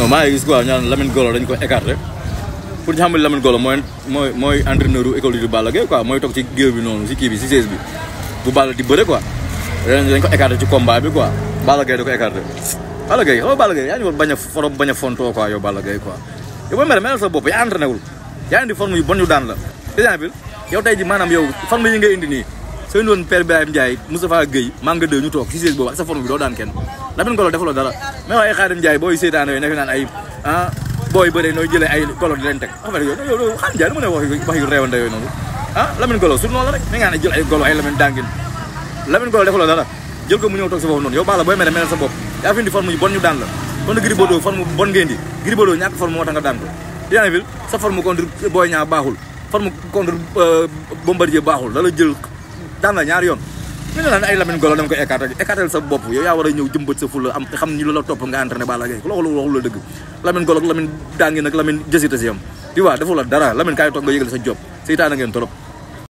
non maa ngi gis quoi ñaan Lamine Golo dañ ko écarté pour ñu xamal Lamine Golo mooy mooy mooy entraîneur u école du Balla mooy toog ci géew bi noonu si kii bi si siège bi bu Balla di bëre quoi ren dañ ko écarté ci combat bi quoi Balla Gaye da ko écarté Balla Gaye xam nga Balla Gaye yaa ngi war bañ a forom bañ a fontoo quoi yow Balla Gaye quoi yow boo mere mel sa bopp yaa entraîné wul yaa indi forme yu bon yu daan la exemple yow tey ji nga indi sooy noonu Père Birahim Ndiaye Moustapha Guèye Manga 2 ñu toog si siis boobu ak sa forme bi doo daan kenn Lamine Golo defaloo dara mais waaye Xaadim Ndiaye booy seetaan yooyu nekk naan ay ah booy bëre nooy jëlee ay golo di leen teg xam nga yow yow Xaadim Ndiaye lu mu ne wax wax yu réewante yooyu noonu ah Lamine Golo sur noonu la rek mi nga ne jël ay golo ay Lamine dàngin Lamine Golo defaloo dara jël ko mu ñëw toog sa foofu noonu yow Balla booy mere mere sa bopp yaa fi indi forme yu bon ñu daan la kon Gris Bordeaux forme bu bon ngeen di Gris Bordeaux ñàkk forme moo tax nga daan ko Dianville sa forme contre Boy Niang baaxul forme contre euh, Bombardier baaxul dala jël daan la ñaari yoon ñu ne la ne ay Lamine Golo dama koy écarté écarté sa bopp yow yaa war a ñëw jëmbat sa am xam ñu la topp nga entraîné Balla Gaye ku loolu waxul la dëgg Lamine Golo ak daangi nag Lamine jësita si yam tu la dara Lamine kaay toog nga yëgal sa job seytaane ngeen trop